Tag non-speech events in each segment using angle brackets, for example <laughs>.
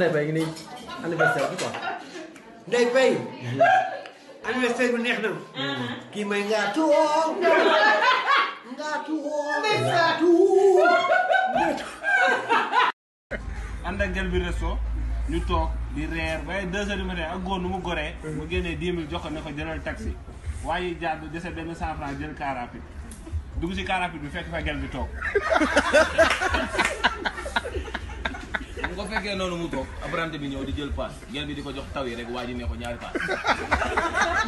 Ndeye Faye ngi bi quoi. Ndeye Faye. anniversaire bi neex na. Uh-huh. kii gel <laughs> bi resto ak góor mu goree. mu génnee dix jox ko ko jëlal taxi. waaye jàdd dese benn cent franc jël car dugg si car bi fekk fa gel bi toog. <laughs> ko fekkee noonu mu toog abrante bi ñëw di jël paas gel bi di ko jox taw yi rek waa ji ne ko ñaari paas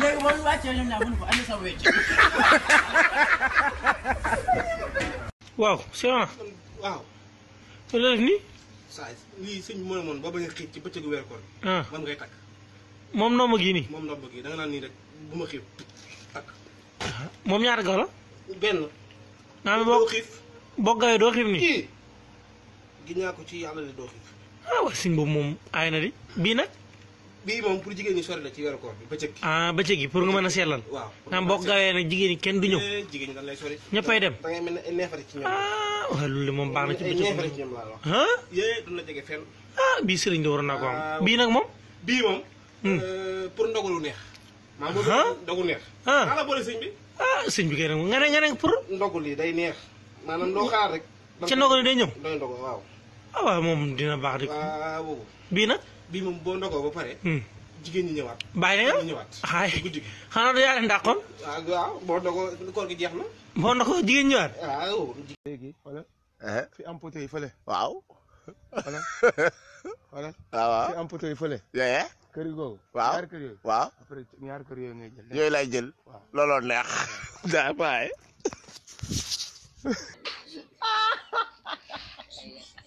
léegi moom ñu wàccee ñoom ñaar mu ko andi sa wecc waaw Cheikh waaw ni saa lii sëñ bi mën a mën bañ a xiit ci bëccëgu weer koor ah. moom ngay takk moom nomb gii nii moom nomb gii da nga naan nii rek bu ma xiif takk moom gaw la benn naa mi boo xiif boo gawee doo xiif nii ko ci yàlla doo xiif ah waaw siñ boobu moom ay na di bii nag. bii moom pour jigéen ñi sori la ci weeru koor bi bëccëg gi. ah bëccëg gi pour nga mën a sellal. waaw naam boo gaawee jigéen ñi kenn du ñëw. Eh, jigéen ñi lay sori. ñëppay dem da ngay mel ne neefare ci ñoom. ah ci bëccëg. neefare ci ñoom laa la jege fenn. ah bii sëriñ de waroon naa ko am ah, nag moom. bii moom. Hmm. Euh, pour ndogalu neex. neex. ah xaaral boole sëñ bi. ah sëñ bi kay nag ne nga ne pour. ndogu day neex maanaam doo xaar rek. ci ndogu day ñëw. waaw ah moom dina baax di bii nag. bii moom boo ndogoo ba pare. Hmm. jigéen na yow ñëwaat. xaay guddi gi xanaa du yaa leen dàqoon. waaw ah, waaw boo ndogoo koor gi jeex na. jigéen ñi ñëwaat. waaw. léegi xoolal. Eh? fi am poteau yi fële. waaw. <laughs> Ah, fi am poteau yeye. Eh? kër googu. waaw ñaari kër yooyu. waaw après jël. yooyu laay jël. waaw neex. <laughs> daa bàyyi. <laughs>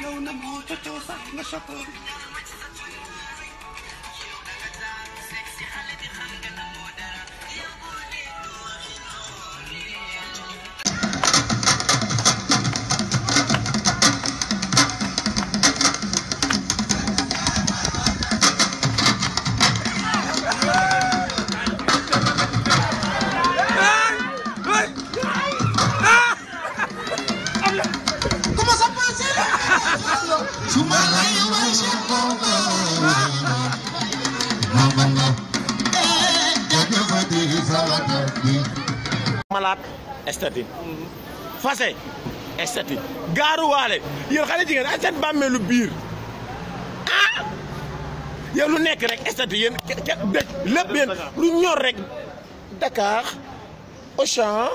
Yo, namo, tato, sa, na, shopper. malaat statine fase statine gaaruwaale yéen xale jigéen astat bàmmeelu biir ah lu nekk rek statine yéen dëj lépp yéen lu ñor rek Dakar Auchan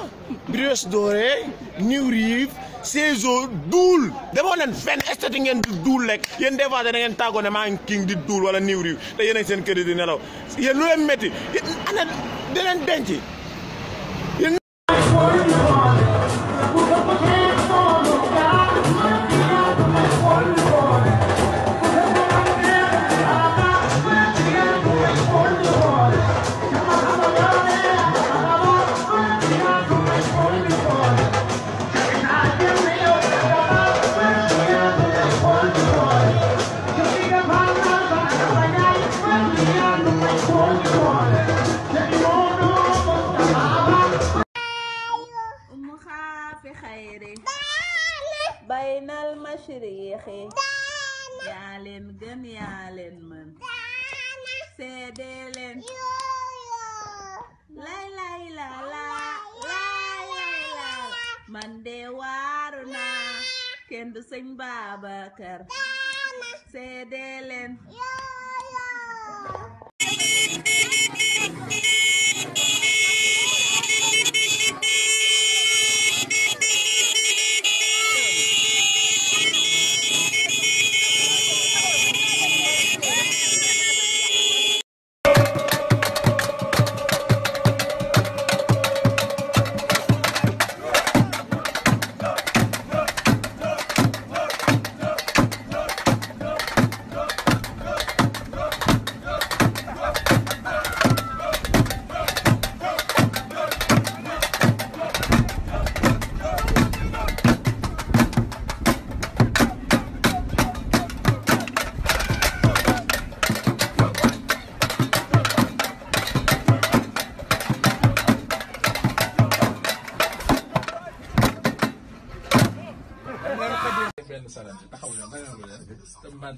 Brioche Dorée New Rive saison duul demoon leen fen estati ngeen di duul lekk yéen des fois da ngeen tàggoo ne maa ngi king di duul wala niw riw te yéen a seen kër di nelaw yéen lu leen métti yéen ana da leen denc man yaa leen mën seede leen lay lay la la lay lay la man de waaru naa kenn du sëñ Babacar seede leen saran bi taxaw ya nga yàlla leen te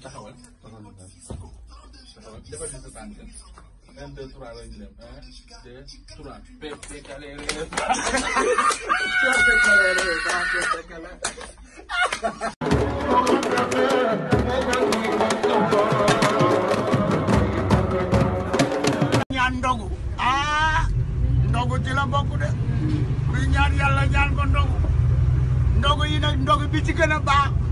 taxawal. defal ñu ko tànk. un deux trois la ñu dem un deux trois. pepe kale reer. kale kale. ndogu ah ndogu ci la bokk de buy ñaan yàlla ñaan ko ndogu ndogu yi nag ndogu bi ci baax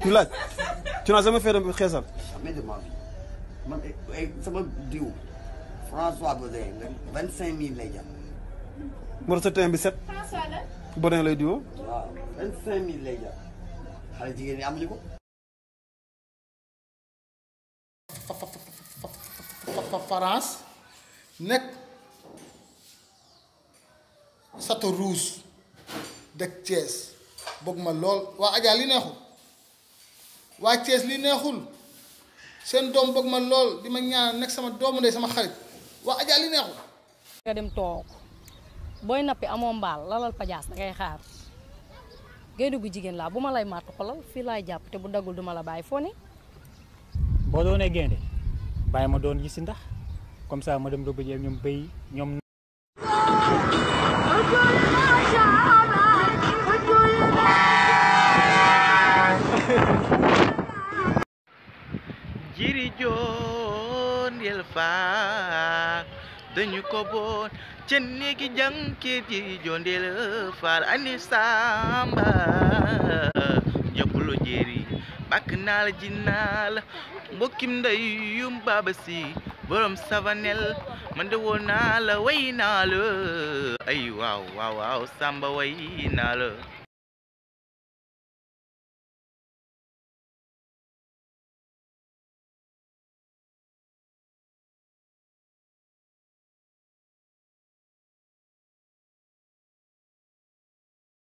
tu l'as Tu n'as jamais fait de khesal Jamais de ma vie. sama diw François Baudin vingt cinq mille lay jàpp. Mor sa teint bi set. François la. Baudin lay diwoo. waaw vingt cinq mille lay jàpp xale jigéen ñi amuñu ko. France nekk sato rouge dëkk Thiès bëgg ma lool waa Adja li neexul. waa li neexul seen doom bëgg ma lool di ma ñaan nekk sama dom ndey sama xarit wa aja li neexul. nga dem toog booy nappi amoo mbaal lalal pajas, da ngay xaar gaynde gu jigéen laa bu ma lay màtt xolal fii laay jàpp te bu daggul duma la bàyyi foo ne. boo doonee ma doon si ndax comme ça ma dem dugg ñoom ñoom. dañu ko boon ca néegi jànkeet yi jonde la faar ani samba jàppuloo jéeri bàkk naa ji naa mbokkim ndey yum si borom savanel man de woon naa la way naa ay waaw waaw samba way naa